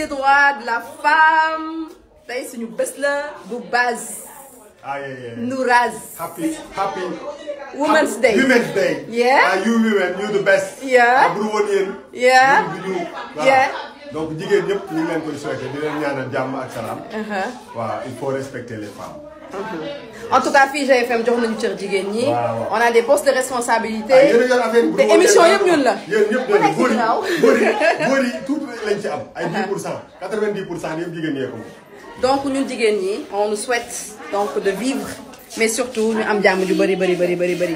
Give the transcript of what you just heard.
des droits de la femme tey suñu bés la bu base. ah yeah, yeah. Nouraz. happy happy. Women's Day Women's Day. yeah. ah you women you the best. yeah. ah bu dul woon yéen. yeah. donc jigéen ñëpp ñu ngi leen koy souhaité di leen ñaanal jàmm ak salaam. Uh-huh. Uh-huh. en tout cas GFM jox nañu cër jigéen ñi. on a des postes de responsabilité. Ah, te émission yëpp ñun la. yéen ñëpp ñun góor yi góor yi góor yi tuuti lañ ci am. ay 10 uh-huh. pour cent 90 pour cent yëpp jigéen ñee ko donc ñun jigéen ñi on nous souhaite de vivre mais surtout ñu am jàmm ju bëri bëri bëri bëri bëri.